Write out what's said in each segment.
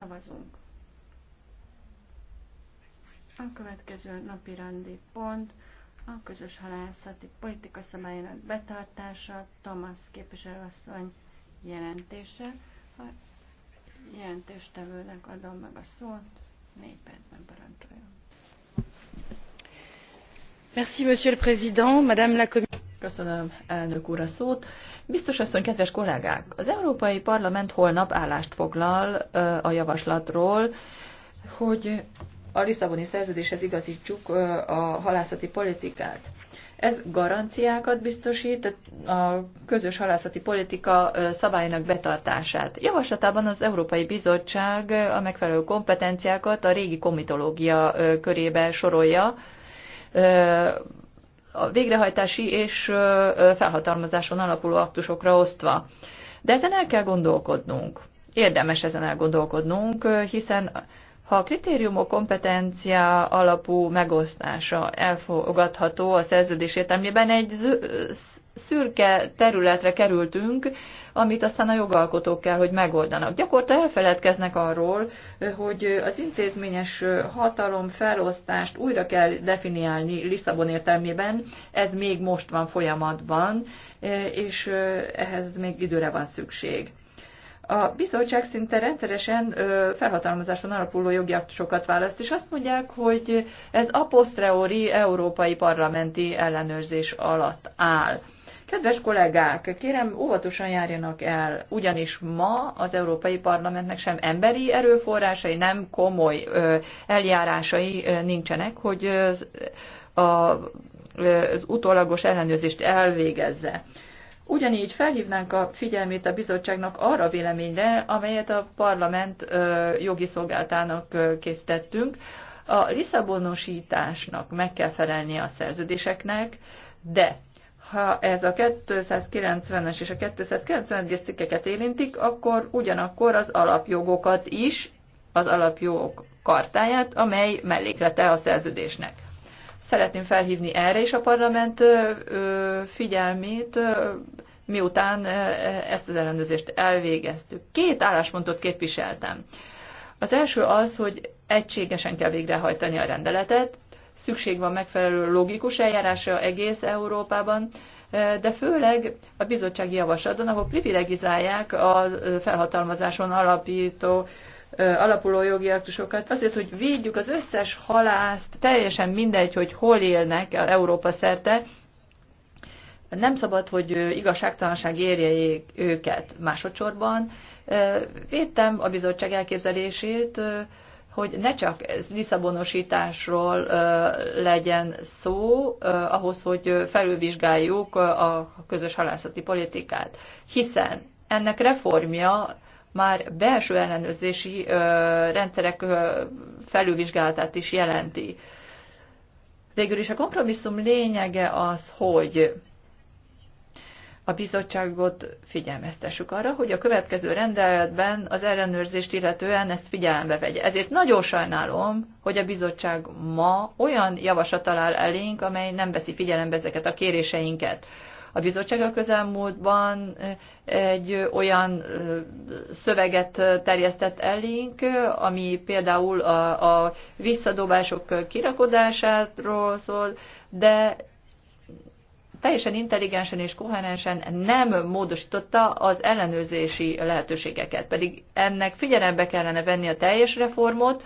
Szavazunk. A következő napi rendi pont a közös halászati politika szabályának betartása, Thomas képviselőasszony jelentése. A jelentéstevőnek adom meg a szót, négy percben parancsoljon. Merci, Monsieur le Président, Madame la Commissaire. Köszönöm, elnök úr, a szót. Biztos asszony, kedves kollégák, az Európai Parlament holnap állást foglal a javaslatról, hogy a Lisszaboni szerződéshez igazítsuk a halászati politikát. Ez garanciákat biztosít a közös halászati politika szabálynak betartását. Javaslatában az Európai Bizottság a megfelelő kompetenciákat a régi komitológia körébe sorolja, a végrehajtási és felhatalmazáson alapuló aktusokra osztva. De ezen el kell gondolkodnunk. Érdemes ezen elgondolkodnunk, hiszen ha a kritériumok kompetencia alapú megosztása elfogadható a szerződés értelmében, egy szürke területre kerültünk, amit aztán a jogalkotók kell, hogy megoldanak. Gyakorta elfeledkeznek arról, hogy az intézményes hatalom felosztást újra kell definiálni Lisszabon értelmében, ez még most van folyamatban, és ehhez még időre van szükség. A bizottság szinte rendszeresen felhatalmazáson alapuló jogjaktosokat választ, és azt mondják, hogy ez a európai parlamenti ellenőrzés alatt áll. Kedves kollégák, kérem óvatosan járjanak el, ugyanis ma az Európai Parlamentnek sem emberi erőforrásai, nem komoly eljárásai nincsenek, hogy az utólagos ellenőrzést elvégezze. Ugyanígy felhívnánk a figyelmét a bizottságnak arra véleményre, amelyet a parlament jogi szolgáltának készítettünk. A Lisszabonosításnak meg kell felelni a szerződéseknek, de ha ez a 290-es és a 291-es cikkeket érintik, akkor ugyanakkor az alapjogokat is, az alapjogok kartáját, amely melléklete a szerződésnek. Szeretném felhívni erre is a parlament figyelmét, miután ezt az ellenőrzést elvégeztük. Két álláspontot képviseltem. Az első az, hogy egységesen kell végrehajtani a rendeletet, szükség van megfelelő logikus eljárásra egész Európában, de főleg a bizottsági javaslaton, ahol privilegizálják a felhatalmazáson alapító alapuló jogi aktusokat, azért, hogy védjük az összes halászt, teljesen mindegy, hogy hol élnek Európa szerte, nem szabad, hogy igazságtalanság érje őket másodszorban. Védtem a bizottság elképzelését, hogy ne csak visszabonosításról legyen szó, ahhoz, hogy felülvizsgáljuk a közös halászati politikát, hiszen ennek reformja már belső ellenőrzési rendszerek felülvizsgálatát is jelenti. Végül is a kompromisszum lényege az, hogy a bizottságot figyelmeztessük arra, hogy a következő rendeletben az ellenőrzést illetően ezt figyelembe vegye. Ezért nagyon sajnálom, hogy a bizottság ma olyan javaslat talál elénk, amely nem veszi figyelembe ezeket a kéréseinket. A bizottság a közelmúltban eh, egy olyan eh, szöveget eh, terjesztett elénk, ami például a, a visszadobások kirakodásáról szól, de teljesen intelligensen és koherensen nem módosította az ellenőrzési lehetőségeket, pedig ennek figyelembe kellene venni a teljes reformot,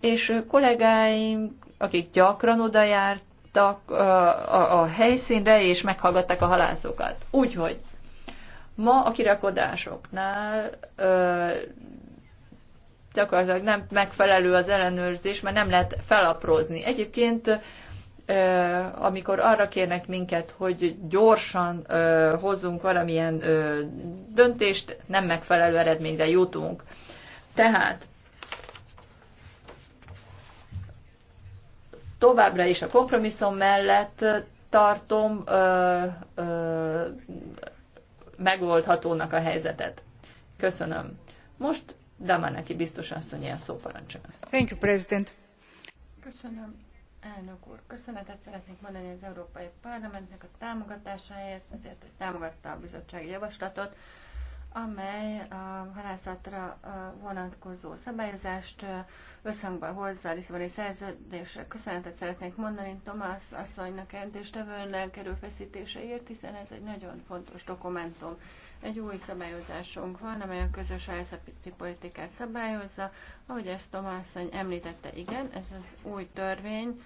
és kollégáim, akik gyakran a, a, a helyszínre, és meghallgatták a halászokat. Úgyhogy ma a kirakodásoknál ö, gyakorlatilag nem megfelelő az ellenőrzés, mert nem lehet felaprózni. Egyébként amikor arra kérnek minket, hogy gyorsan hozzunk valamilyen döntést, nem megfelelő eredményre jutunk. Tehát továbbra is a kompromisszum mellett tartom ö, ö, megoldhatónak a helyzetet. Köszönöm. Most Damanaki biztos asszony ilyen szó Thank you, President. Köszönöm. Elnök úr, köszönetet szeretnék mondani az Európai Parlamentnek a támogatásáért, azért, hogy támogatta a bizottsági javaslatot, amely a halászatra vonatkozó szabályozást összhangba hozza a Lisszaboni szerződés. Köszönetet szeretnék mondani Tomás asszonynak, erdéstevőnek erőfeszítéseért, hiszen ez egy nagyon fontos dokumentum. Egy új szabályozásunk van, amely a közös halászati politikát szabályozza. Ahogy ezt Tomás említette, igen, ez az új törvény,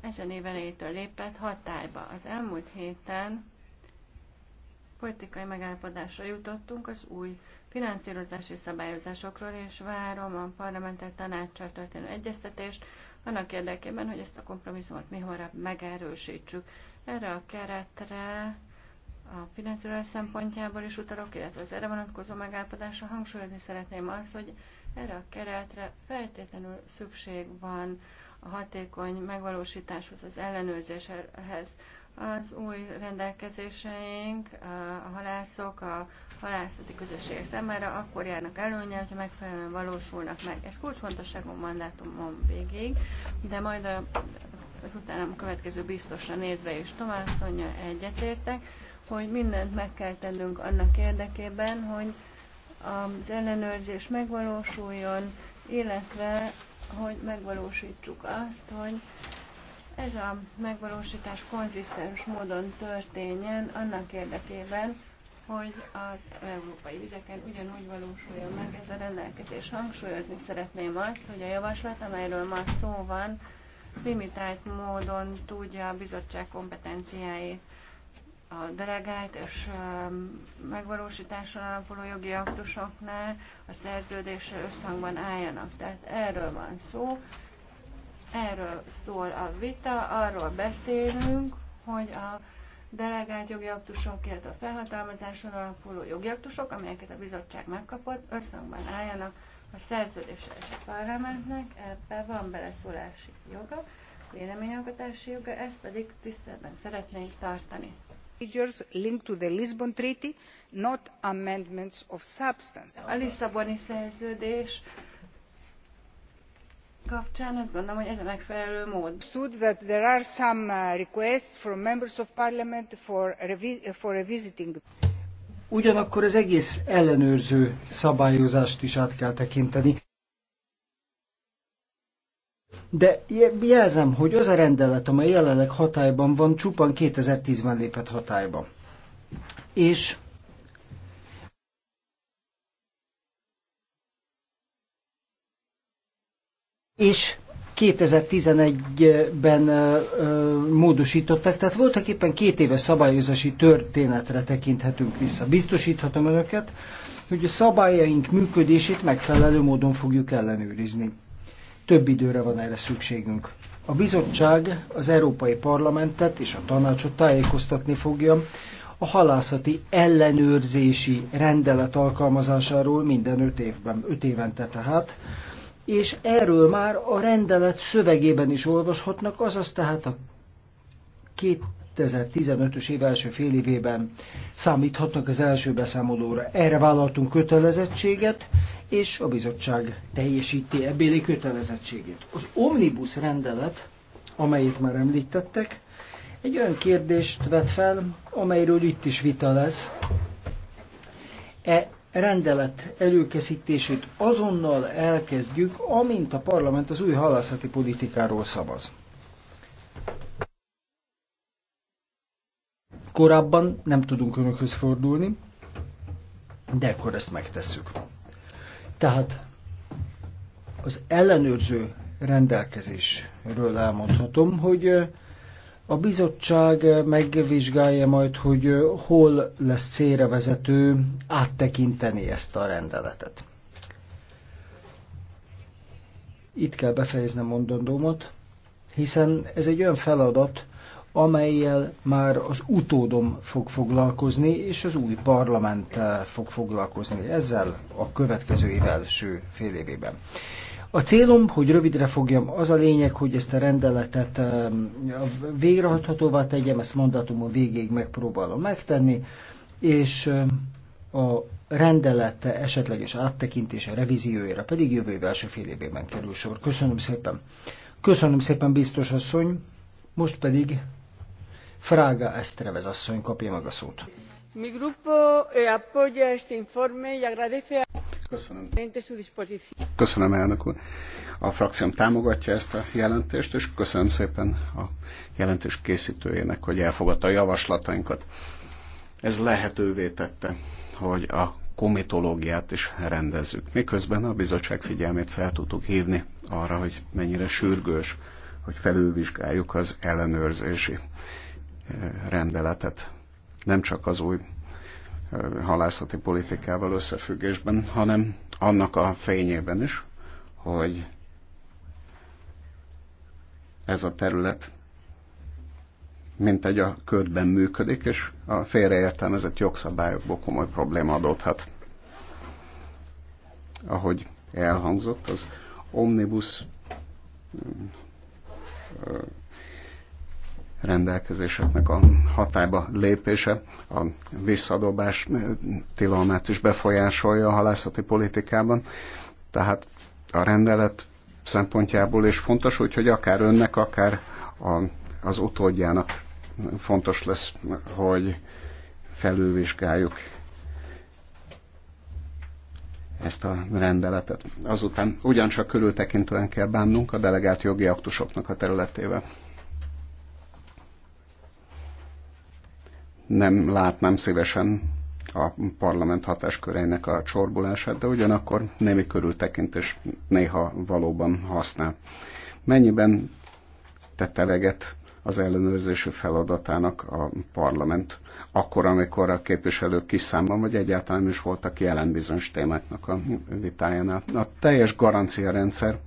ezen év elejétől lépett hatályba. Az elmúlt héten politikai megállapodásra jutottunk az új finanszírozási szabályozásokról, és várom a parlamentet tanácssal történő egyeztetést, annak érdekében, hogy ezt a kompromisszumot mi hamarabb megerősítsük. Erre a keretre a finanszírozás szempontjából is utalok, illetve az erre vonatkozó megállapodásra hangsúlyozni szeretném azt, hogy erre a keretre feltétlenül szükség van hatékony megvalósításhoz, az ellenőrzéshez. Az új rendelkezéseink a halászok, a halászati közösségek számára akkor járnak előnye, hogyha megfelelően valósulnak meg. Ez kulcsfontosságú mandátumon végig, de majd a, az utána a következő biztosra nézve is tovább, egyetértek, hogy mindent meg kell tennünk annak érdekében, hogy az ellenőrzés megvalósuljon, illetve hogy megvalósítsuk azt, hogy ez a megvalósítás konzisztens módon történjen annak érdekében, hogy az európai vizeken ugyanúgy valósuljon meg ez a rendelkezés. Hangsúlyozni szeretném azt, hogy a javaslat, amelyről ma szó van, limitált módon tudja a bizottság kompetenciáit a delegált és um, megvalósításon alapuló jogi aktusoknál a szerződéssel összhangban álljanak. Tehát erről van szó, erről szól a vita, arról beszélünk, hogy a delegált jogi aktusok, illetve a felhatalmazáson alapuló jogi aktusok, amelyeket a bizottság megkapott, összhangban álljanak a szerződéssel és a parlamentnek, ebben van beleszólási joga, véleményalkotási joga, ezt pedig tiszteletben szeretnénk tartani. Procedures linked to the Lisbon Treaty, not amendments of substance. A Lisszaboni szerződés kapcsán azt gondolom, hogy ez a megfelelő mód. Stood that there are some uh, requests from members of parliament for, revi for revisiting. Ugyanakkor az egész ellenőrző szabályozást is át kell tekinteni de jelzem, hogy az a rendelet, amely jelenleg hatályban van, csupán 2010-ben lépett hatályba. És és 2011-ben módosították, tehát voltak éppen két éves szabályozási történetre tekinthetünk vissza. Biztosíthatom önöket, hogy a szabályaink működését megfelelő módon fogjuk ellenőrizni több időre van erre szükségünk. A bizottság az Európai Parlamentet és a tanácsot tájékoztatni fogja a halászati ellenőrzési rendelet alkalmazásáról minden öt évben, öt évente tehát, és erről már a rendelet szövegében is olvashatnak, azaz tehát a 2015-ös év első fél évében számíthatnak az első beszámolóra. Erre vállaltunk kötelezettséget, és a bizottság teljesíti ebbéli kötelezettségét. Az omnibus rendelet, amelyet már említettek, egy olyan kérdést vet fel, amelyről itt is vita lesz. E rendelet előkészítését azonnal elkezdjük, amint a parlament az új halászati politikáról szavaz. Korábban nem tudunk önökhöz fordulni, de akkor ezt megtesszük. Tehát az ellenőrző rendelkezésről elmondhatom, hogy a bizottság megvizsgálja majd, hogy hol lesz célra vezető áttekinteni ezt a rendeletet. Itt kell befejeznem mondandómat, hiszen ez egy olyan feladat, amelyel már az utódom fog foglalkozni, és az új parlament eh, fog foglalkozni ezzel a következő év első fél évében. A célom, hogy rövidre fogjam, az a lényeg, hogy ezt a rendeletet eh, végrehajthatóvá tegyem, ezt a végéig megpróbálom megtenni, és eh, a rendelet esetleges áttekintése, revíziójára pedig jövő év első fél évében kerül sor. Köszönöm szépen. Köszönöm szépen, biztos asszony. Most pedig Frága Esztrevez asszony kapja meg a szót. Mi grupo eh, apoya este informe y agradece Köszönöm. Köszönöm, elnök úr. A frakcióm támogatja ezt a jelentést, és köszönöm szépen a jelentés készítőjének, hogy elfogadta a javaslatainkat. Ez lehetővé tette, hogy a komitológiát is rendezzük. Miközben a bizottság figyelmét fel tudtuk hívni arra, hogy mennyire sürgős, hogy felülvizsgáljuk az ellenőrzési rendeletet nem csak az új halászati politikával összefüggésben, hanem annak a fényében is, hogy ez a terület mint egy a ködben működik, és a félreértelmezett jogszabályokból komoly probléma adódhat. Ahogy elhangzott, az omnibus rendelkezéseknek a hatályba lépése a visszadobás tilalmát is befolyásolja a halászati politikában. Tehát a rendelet szempontjából is fontos, úgyhogy akár önnek, akár a, az utódjának fontos lesz, hogy felülvizsgáljuk ezt a rendeletet. Azután ugyancsak körültekintően kell bánnunk a delegált jogi aktusoknak a területével. nem látnám szívesen a parlament hatáskörének a csorbulását, de ugyanakkor némi körültekintés néha valóban használ. Mennyiben tette eleget az ellenőrzési feladatának a parlament, akkor, amikor a képviselők kis számban, vagy egyáltalán is voltak jelen bizonyos témáknak a vitájánál. A teljes garancia rendszer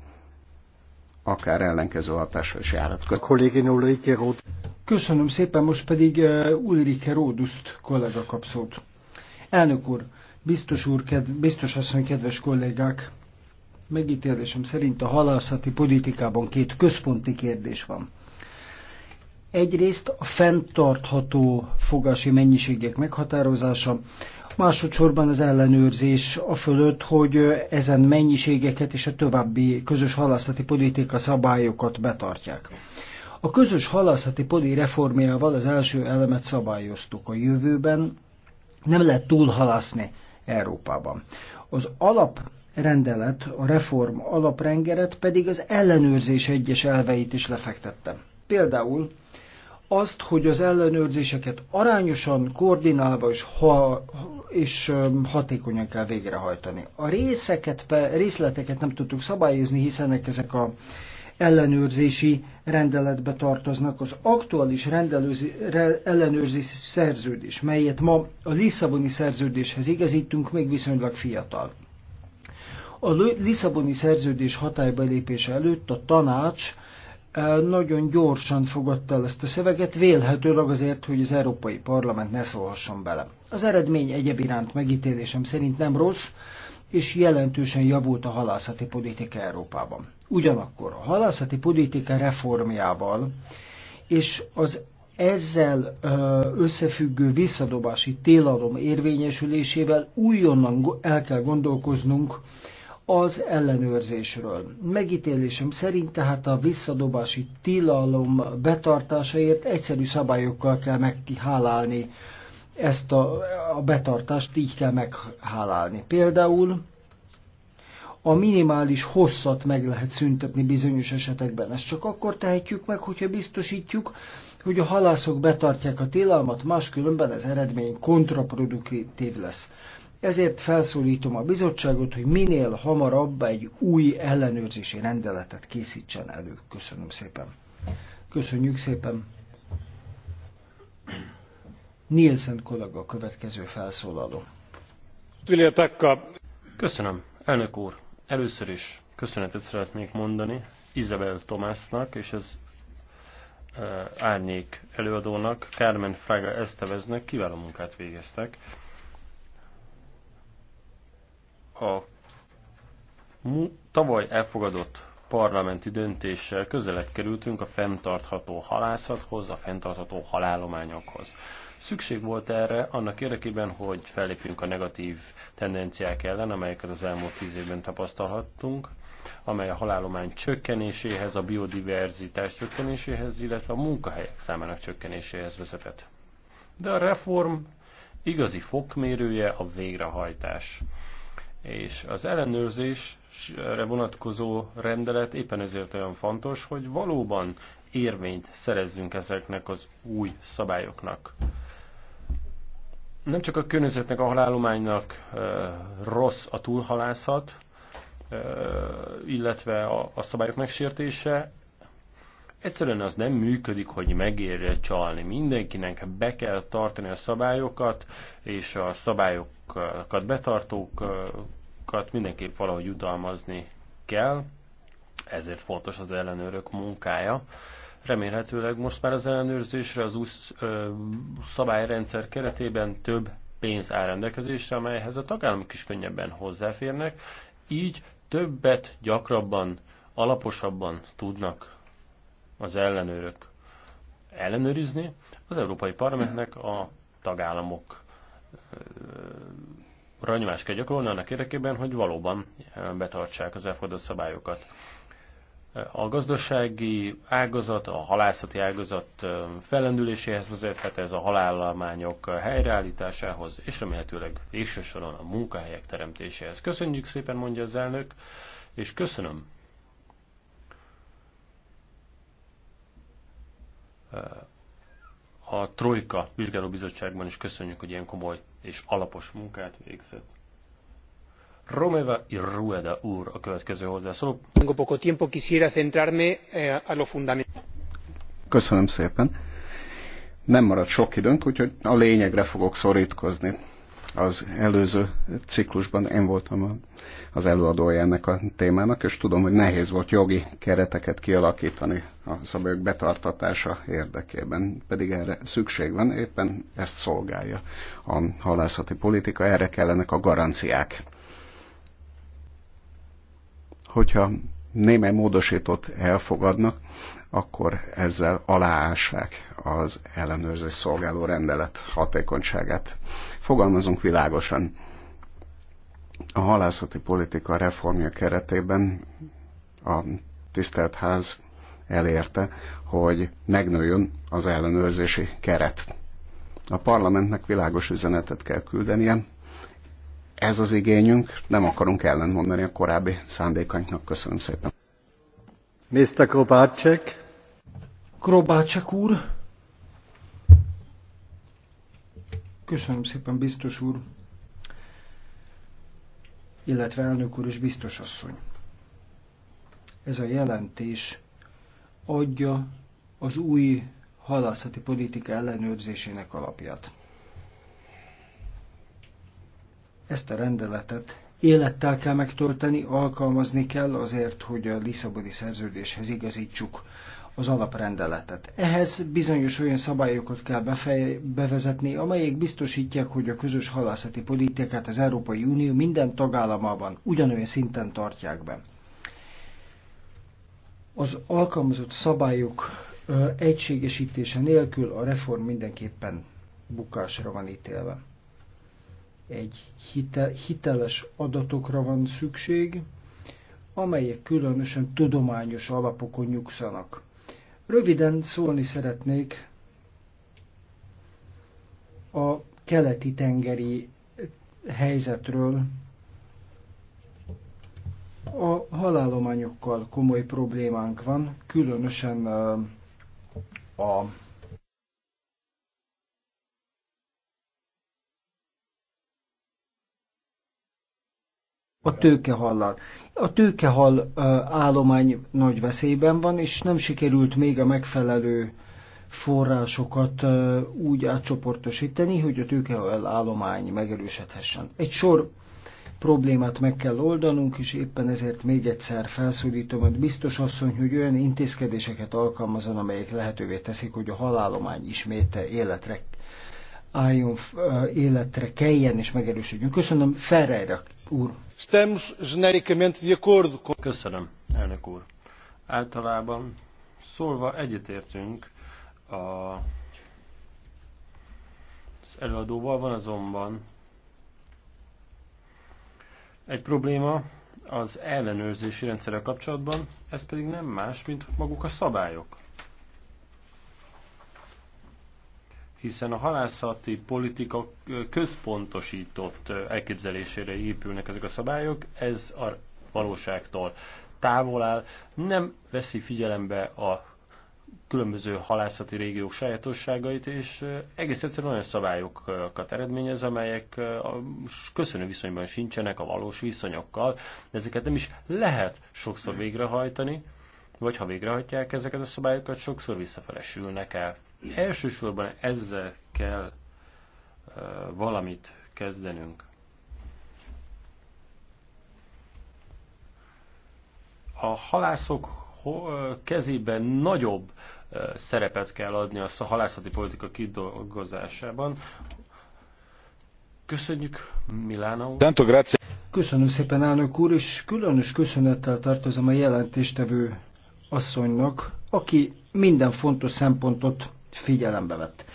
akár ellenkező hatásra is Ród. Köszönöm szépen, most pedig eh, Ulrike Róduszt kollega kapszót. Elnök úr, biztos, úr, ked, biztos asszony, kedves kollégák, megítélésem szerint a halászati politikában két központi kérdés van. Egyrészt a fenntartható fogási mennyiségek meghatározása, másodszorban az ellenőrzés a fölött, hogy ezen mennyiségeket és a további közös halászati politika szabályokat betartják. A közös halászati poli reformjával az első elemet szabályoztuk a jövőben, nem lehet túlhalászni Európában. Az alap rendelet, a reform alaprengeret pedig az ellenőrzés egyes elveit is lefektette. Például azt, hogy az ellenőrzéseket arányosan, koordinálva és, ha, és hatékonyan kell végrehajtani. A részeket, részleteket nem tudtuk szabályozni, hiszen ezek a ellenőrzési rendeletbe tartoznak. Az aktuális rendelőzi, re, ellenőrzési szerződés, melyet ma a Lisszaboni szerződéshez igazítunk, még viszonylag fiatal. A Lisszaboni szerződés hatályba lépése előtt a tanács nagyon gyorsan fogadta el ezt a szöveget, vélhetőleg azért, hogy az Európai Parlament ne szólhasson bele. Az eredmény egyéb iránt megítélésem szerint nem rossz, és jelentősen javult a halászati politika Európában. Ugyanakkor a halászati politika reformjával és az ezzel összefüggő visszadobási télalom érvényesülésével újonnan el kell gondolkoznunk az ellenőrzésről. Megítélésem szerint tehát a visszadobási tilalom betartásaért egyszerű szabályokkal kell meghálálni ezt a, a betartást, így kell meghálálni. Például a minimális hosszat meg lehet szüntetni bizonyos esetekben. Ezt csak akkor tehetjük meg, hogyha biztosítjuk, hogy a halászok betartják a tilalmat, máskülönben az eredmény kontraproduktív lesz. Ezért felszólítom a bizottságot, hogy minél hamarabb egy új ellenőrzési rendeletet készítsen elő. Köszönöm szépen. Köszönjük szépen. Nielsen kollega a következő felszólaló. Köszönöm, elnök úr. Először is köszönetet szeretnék mondani Izabel Tomásznak és az eh, árnyék előadónak, Carmen Fraga Esteveznek kiváló munkát végeztek a tavaly elfogadott parlamenti döntéssel közelebb kerültünk a fenntartható halászathoz, a fenntartható halálományokhoz. Szükség volt erre annak érdekében, hogy fellépjünk a negatív tendenciák ellen, amelyeket az elmúlt tíz évben tapasztalhattunk, amely a halálomány csökkenéséhez, a biodiverzitás csökkenéséhez, illetve a munkahelyek számának csökkenéséhez vezetett. De a reform igazi fokmérője a végrehajtás. És az ellenőrzésre vonatkozó rendelet éppen ezért olyan fontos, hogy valóban érvényt szerezzünk ezeknek az új szabályoknak. Nem csak a környezetnek, a halálománynak rossz a túlhalászat, illetve a, a szabályok megsértése, Egyszerűen az nem működik, hogy megérje csalni. Mindenkinek be kell tartani a szabályokat, és a szabályokat betartókat mindenképp valahogy jutalmazni kell. Ezért fontos az ellenőrök munkája. Remélhetőleg most már az ellenőrzésre az új szabályrendszer keretében több pénz áll rendelkezésre, amelyhez a tagállamok is könnyebben hozzáférnek, így többet, gyakrabban, alaposabban tudnak az ellenőrök ellenőrizni, az Európai Parlamentnek a tagállamok ranyomást kell gyakorolni annak érdekében, hogy valóban betartsák az elfogadott szabályokat. A gazdasági ágazat, a halászati ágazat fellendüléséhez vezethet ez a halállományok helyreállításához, és remélhetőleg végsősoron a munkahelyek teremtéséhez. Köszönjük szépen, mondja az elnök, és köszönöm a Trojka vizsgálóbizottságban is köszönjük, hogy ilyen komoly és alapos munkát végzett. Romeva y Rueda úr a következő hozzászóló. Tengo poco tiempo, quisiera centrarme eh, a lo Köszönöm szépen. Nem maradt sok időnk, úgyhogy a lényegre fogok szorítkozni az előző ciklusban én voltam az előadója ennek a témának, és tudom, hogy nehéz volt jogi kereteket kialakítani a szabályok betartatása érdekében, pedig erre szükség van, éppen ezt szolgálja a halászati politika, erre kellenek a garanciák. Hogyha némely módosítót elfogadnak, akkor ezzel aláássák az ellenőrzés szolgáló rendelet hatékonyságát. Fogalmazunk világosan. A halászati politika reformja keretében a tisztelt ház elérte, hogy megnőjön az ellenőrzési keret. A parlamentnek világos üzenetet kell küldenie. Ez az igényünk, nem akarunk ellentmondani a korábbi szándékainknak. Köszönöm szépen. Mr. Krobácsek. Krobácsek úr. Köszönöm szépen, biztos úr, illetve elnök úr és biztos asszony. Ez a jelentés adja az új halászati politika ellenőrzésének alapját. Ezt a rendeletet élettel kell megtölteni, alkalmazni kell azért, hogy a Lisszaboni szerződéshez igazítsuk az alaprendeletet. Ehhez bizonyos olyan szabályokat kell befej, bevezetni, amelyek biztosítják, hogy a közös halászati politikát az Európai Unió minden tagállamában ugyanolyan szinten tartják be. Az alkalmazott szabályok ö, egységesítése nélkül a reform mindenképpen bukásra van ítélve. Egy hite, hiteles adatokra van szükség, amelyek különösen tudományos alapokon nyugszanak. Röviden szólni szeretnék a keleti tengeri helyzetről. A halálományokkal komoly problémánk van, különösen a a tőkehallal. A tőkehal állomány nagy veszélyben van, és nem sikerült még a megfelelő forrásokat úgy átcsoportosítani, hogy a tőkehal állomány megerősödhessen. Egy sor problémát meg kell oldanunk, és éppen ezért még egyszer felszólítom hogy biztos asszony, hogy olyan intézkedéseket alkalmazon, amelyek lehetővé teszik, hogy a halállomány ismét életre álljon, életre keljen és megerősödjön. Köszönöm, Ferreira Köszönöm, elnök úr. Általában szólva egyetértünk a az előadóval van azonban egy probléma az ellenőrzési rendszerrel kapcsolatban, ez pedig nem más, mint maguk a szabályok. hiszen a halászati politika központosított elképzelésére épülnek ezek a szabályok, ez a valóságtól távol áll, nem veszi figyelembe a különböző halászati régiók sajátosságait, és egész egyszerűen olyan szabályokat eredményez, amelyek a köszönő viszonyban sincsenek a valós viszonyokkal. Ezeket nem is lehet sokszor végrehajtani, vagy ha végrehajtják ezeket a szabályokat, sokszor visszafelesülnek el. Elsősorban ezzel kell valamit kezdenünk. A halászok kezében nagyobb szerepet kell adni a halászati politika kidolgozásában. Köszönjük, Milánó. Tanto grazie. Köszönöm szépen, elnök úr, és különös köszönettel tartozom a jelentéstevő asszonynak, aki minden fontos szempontot figyelembe vett.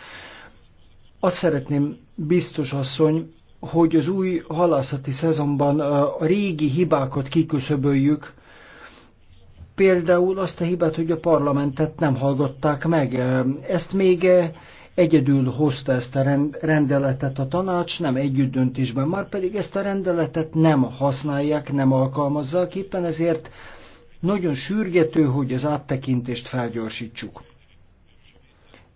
Azt szeretném, biztos asszony, hogy az új halászati szezonban a régi hibákat kiküszöböljük, például azt a hibát, hogy a parlamentet nem hallgatták meg. Ezt még egyedül hozta ezt a rendeletet a tanács, nem együtt döntésben, már pedig ezt a rendeletet nem használják, nem alkalmazzák, éppen ezért nagyon sürgető, hogy az áttekintést felgyorsítsuk.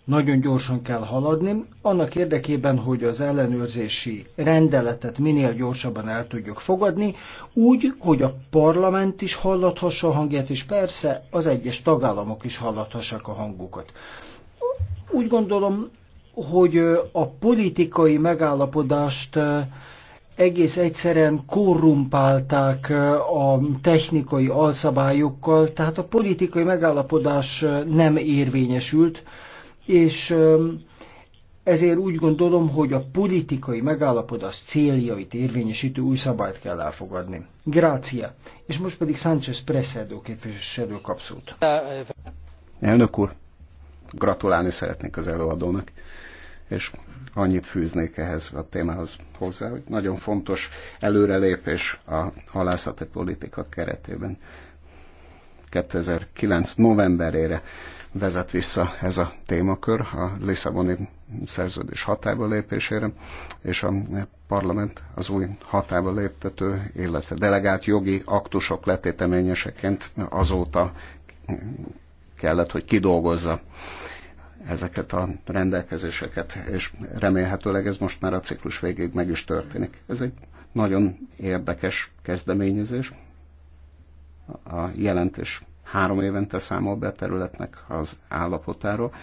Nagyon gyorsan kell haladni, annak érdekében, hogy az ellenőrzési rendeletet minél gyorsabban el tudjuk fogadni, úgy, hogy a parlament is hallathassa a hangját, és persze az egyes tagállamok is hallathassák a hangukat. Úgy gondolom, hogy a politikai megállapodást egész egyszerűen korrumpálták a technikai alszabályokkal, tehát a politikai megállapodás nem érvényesült, és ezért úgy gondolom, hogy a politikai megállapodás céljait érvényesítő új szabályt kell elfogadni. Grácia. És most pedig Sánchez Presedo képviselő kapszót. Elnök úr, gratulálni szeretnék az előadónak, és annyit fűznék ehhez a témához hozzá, hogy nagyon fontos előrelépés a halászati politika keretében. 2009. novemberére vezet vissza ez a témakör a Lisszaboni szerződés hatába lépésére, és a parlament az új hatába léptető, illetve delegált jogi aktusok letéteményeseként azóta kellett, hogy kidolgozza ezeket a rendelkezéseket, és remélhetőleg ez most már a ciklus végéig meg is történik. Ez egy nagyon érdekes kezdeményezés. A jelentés három évente számol be a területnek az állapotáról.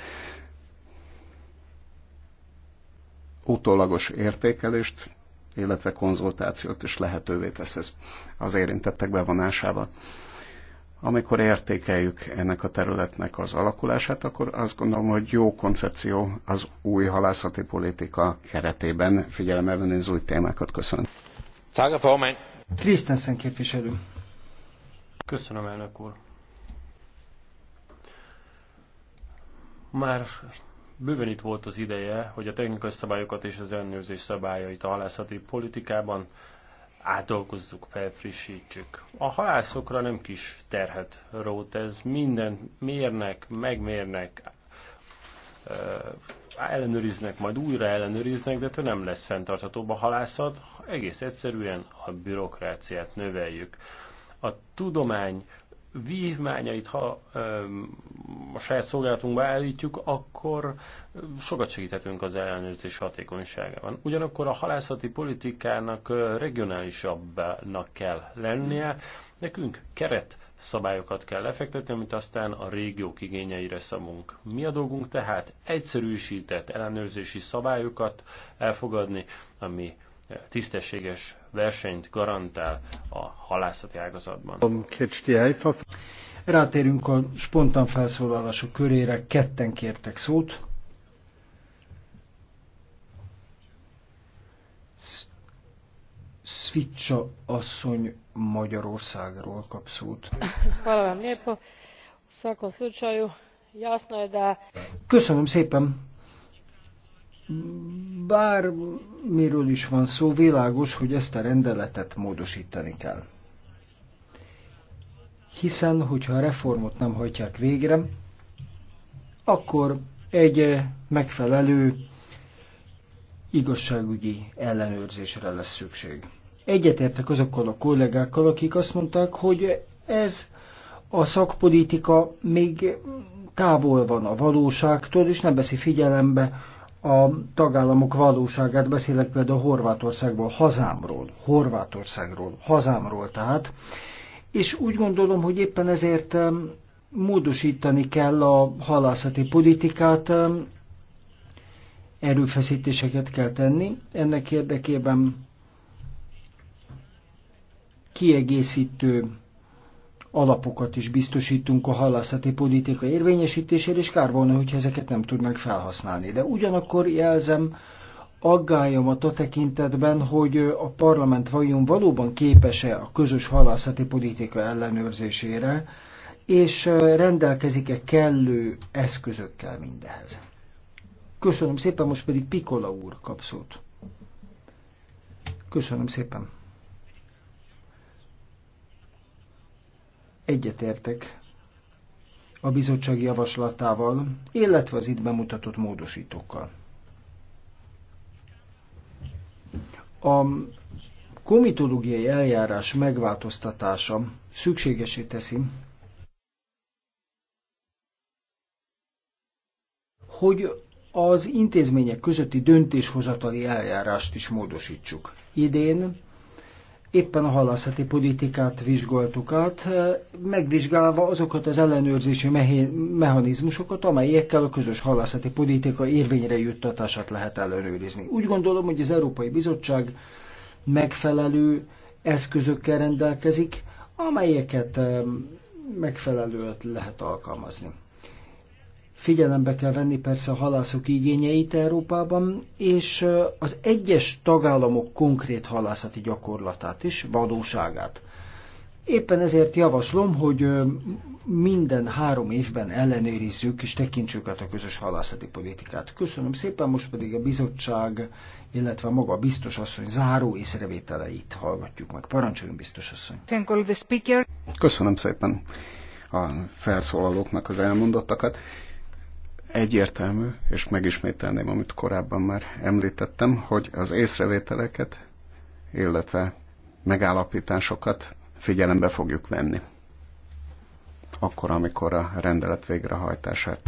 Utólagos értékelést, illetve konzultációt is lehetővé tesz ez az érintettek bevonásával. Amikor értékeljük ennek a területnek az alakulását, akkor azt gondolom, hogy jó koncepció az új halászati politika keretében figyelembe venni az új témákat. Köszönöm. Krisztensen képviselő. Köszönöm, elnök úr. Már bőven itt volt az ideje, hogy a technikai szabályokat és az ellenőrzés szabályait a halászati politikában átdolgozzuk, felfrissítsük. A halászokra nem kis terhet rót ez, minden mérnek, megmérnek, ellenőriznek, majd újra ellenőriznek, de nem lesz fenntarthatóbb a halászat, egész egyszerűen a bürokráciát növeljük. A tudomány vívmányait, ha a saját szolgálatunkba állítjuk, akkor sokat segíthetünk az ellenőrzés hatékonyságában. Ugyanakkor a halászati politikának regionálisabbnak kell lennie, nekünk keret szabályokat kell lefektetni, amit aztán a régiók igényeire szabunk. Mi a dolgunk tehát? Egyszerűsített ellenőrzési szabályokat elfogadni, ami tisztességes versenyt garantál a halászati ágazatban. Rátérünk a spontán felszólalások körére, ketten kértek szót. Svicsa asszony Magyarországról kap szót. Köszönöm szépen bármiről is van szó, világos, hogy ezt a rendeletet módosítani kell. Hiszen, hogyha a reformot nem hajtják végre, akkor egy megfelelő igazságügyi ellenőrzésre lesz szükség. Egyetértek azokkal a kollégákkal, akik azt mondták, hogy ez a szakpolitika még távol van a valóságtól, és nem veszi figyelembe a tagállamok valóságát, beszélek például Horvátországból, hazámról, Horvátországról, hazámról tehát, és úgy gondolom, hogy éppen ezért módosítani kell a halászati politikát, erőfeszítéseket kell tenni. Ennek érdekében kiegészítő alapokat is biztosítunk a halászati politika érvényesítésére, és kár volna, hogyha ezeket nem tudnak felhasználni. De ugyanakkor jelzem aggályomat a tekintetben, hogy a parlament vajon valóban képes-e a közös halászati politika ellenőrzésére, és rendelkezik-e kellő eszközökkel mindehez. Köszönöm szépen, most pedig Pikola úr kapszót. Köszönöm szépen. Egyetértek a bizottság javaslatával, illetve az itt bemutatott módosítókkal. A komitológiai eljárás megváltoztatása szükségesé teszi, hogy az intézmények közötti döntéshozatali eljárást is módosítsuk. Idén éppen a halászati politikát vizsgáltuk át, megvizsgálva azokat az ellenőrzési mechanizmusokat, amelyekkel a közös halászati politika érvényre juttatását lehet ellenőrizni. Úgy gondolom, hogy az Európai Bizottság megfelelő eszközökkel rendelkezik, amelyeket megfelelően lehet alkalmazni. Figyelembe kell venni persze a halászok igényeit Európában, és az egyes tagállamok konkrét halászati gyakorlatát is, valóságát. Éppen ezért javaslom, hogy minden három évben ellenőrizzük és tekintsük át a közös halászati politikát. Köszönöm szépen, most pedig a bizottság, illetve maga a biztos asszony záró észrevételeit hallgatjuk meg. Parancsoljon, biztos asszony! Köszönöm szépen a felszólalóknak az elmondottakat, egyértelmű, és megismételném, amit korábban már említettem, hogy az észrevételeket, illetve megállapításokat figyelembe fogjuk venni. Akkor, amikor a rendelet végrehajtását,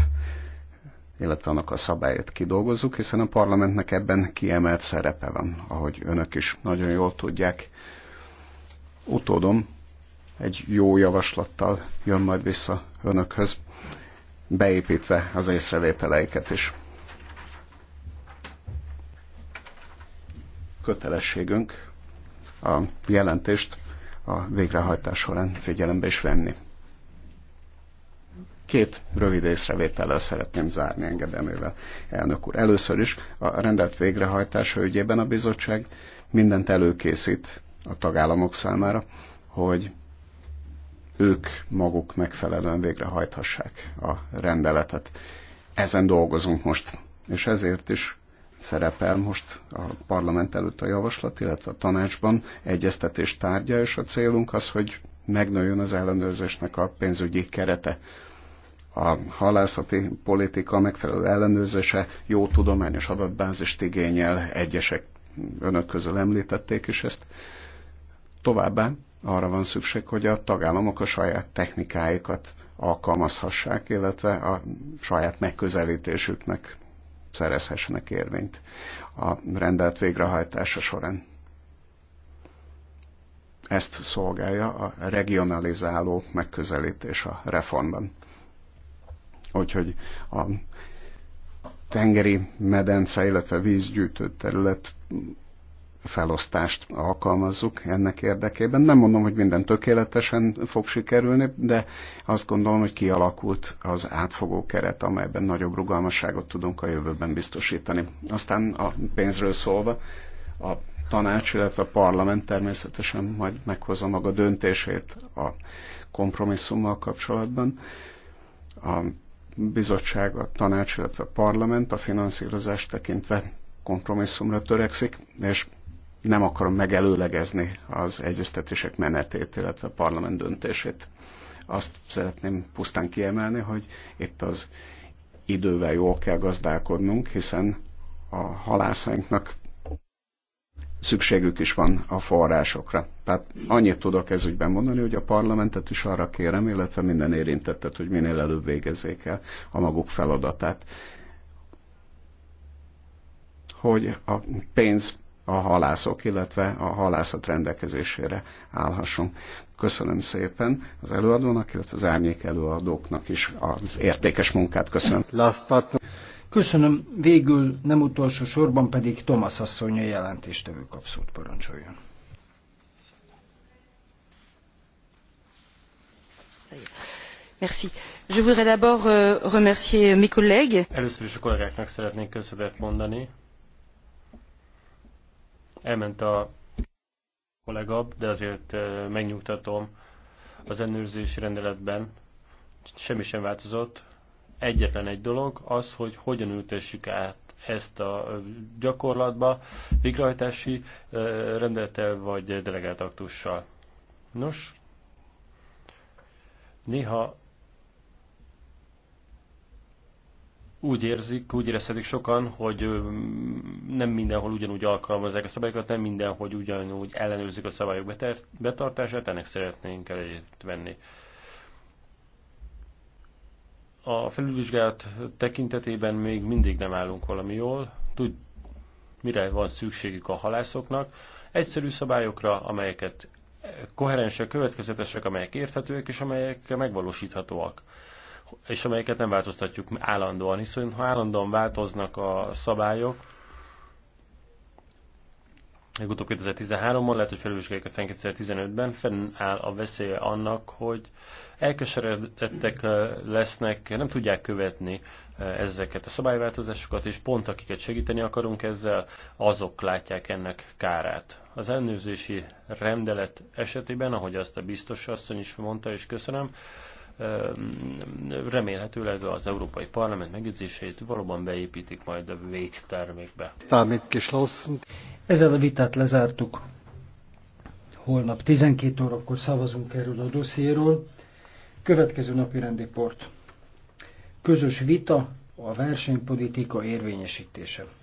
illetve annak a szabályt kidolgozzuk, hiszen a parlamentnek ebben kiemelt szerepe van, ahogy önök is nagyon jól tudják. Utódom egy jó javaslattal jön majd vissza önökhöz beépítve az észrevételeiket is. Kötelességünk a jelentést a végrehajtás során figyelembe is venni. Két rövid észrevétellel szeretném zárni engedelmével, elnök úr. Először is a rendelt végrehajtása ügyében a bizottság mindent előkészít a tagállamok számára, hogy ők maguk megfelelően végrehajthassák a rendeletet. Ezen dolgozunk most, és ezért is szerepel most a parlament előtt a javaslat, illetve a tanácsban egyeztetés tárgya, és a célunk az, hogy megnőjön az ellenőrzésnek a pénzügyi kerete. A halászati politika megfelelő ellenőrzése jó tudományos adatbázist igényel, egyesek önök közül említették is ezt. Továbbá arra van szükség, hogy a tagállamok a saját technikáikat alkalmazhassák, illetve a saját megközelítésüknek szerezhessenek érvényt a rendelt végrehajtása során. Ezt szolgálja a regionalizáló megközelítés a reformban. Úgyhogy a tengeri medence, illetve vízgyűjtő terület felosztást alkalmazzuk ennek érdekében. Nem mondom, hogy minden tökéletesen fog sikerülni, de azt gondolom, hogy kialakult az átfogó keret, amelyben nagyobb rugalmasságot tudunk a jövőben biztosítani. Aztán a pénzről szólva, a tanács, illetve a parlament természetesen majd meghozza maga döntését a kompromisszummal kapcsolatban. A bizottság, a tanács, illetve a parlament a finanszírozást tekintve kompromisszumra törekszik, és nem akarom megelőlegezni az egyeztetések menetét, illetve a parlament döntését. Azt szeretném pusztán kiemelni, hogy itt az idővel jól kell gazdálkodnunk, hiszen a halászainknak szükségük is van a forrásokra. Tehát annyit tudok ez ügyben mondani, hogy a parlamentet is arra kérem, illetve minden érintettet, hogy minél előbb végezzék el a maguk feladatát, hogy a pénz a halászok, illetve a halászat rendelkezésére állhassunk. Köszönöm szépen az előadónak, illetve az árnyék előadóknak is az értékes munkát. Köszönöm. Köszönöm. Végül nem utolsó sorban pedig Tomasz asszonya a jelentéstevő kapszót parancsoljon. Merci. je voudrais d'abord euh, remercier mes collègues. először is a kollégáknak szeretnék köszönetet mondani Elment a kollégab, de azért megnyugtatom, az ellenőrzési rendeletben semmi sem változott. Egyetlen egy dolog az, hogy hogyan ültessük át ezt a gyakorlatba, végrehajtási rendelettel vagy delegált aktussal. Nos, néha úgy érzik, úgy érezhetik sokan, hogy nem mindenhol ugyanúgy alkalmazzák a szabályokat, nem mindenhol ugyanúgy ellenőrzik a szabályok betartását, ennek szeretnénk elejét venni. A felülvizsgálat tekintetében még mindig nem állunk valami jól. Tud, mire van szükségük a halászoknak? Egyszerű szabályokra, amelyeket koherensek, következetesek, amelyek érthetőek és amelyek megvalósíthatóak és amelyeket nem változtatjuk állandóan, hiszen ha állandóan változnak a szabályok, legutóbb 2013-ban, lehet, hogy felülvizsgáljuk aztán 2015-ben, fennáll a veszélye annak, hogy elkeseredettek lesznek, nem tudják követni ezeket a szabályváltozásokat, és pont akiket segíteni akarunk ezzel, azok látják ennek kárát. Az ellenőrzési rendelet esetében, ahogy azt a biztos asszony is mondta, és köszönöm, remélhetőleg az Európai Parlament megjegyzéseit valóban beépítik majd a végtermékbe. Ezzel a vitát lezártuk. Holnap 12 órakor szavazunk erről a dossziéről. Következő napi rendi port. Közös vita a versenypolitika érvényesítése.